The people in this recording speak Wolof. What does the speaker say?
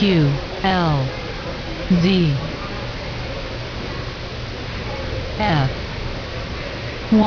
Q L Z F 1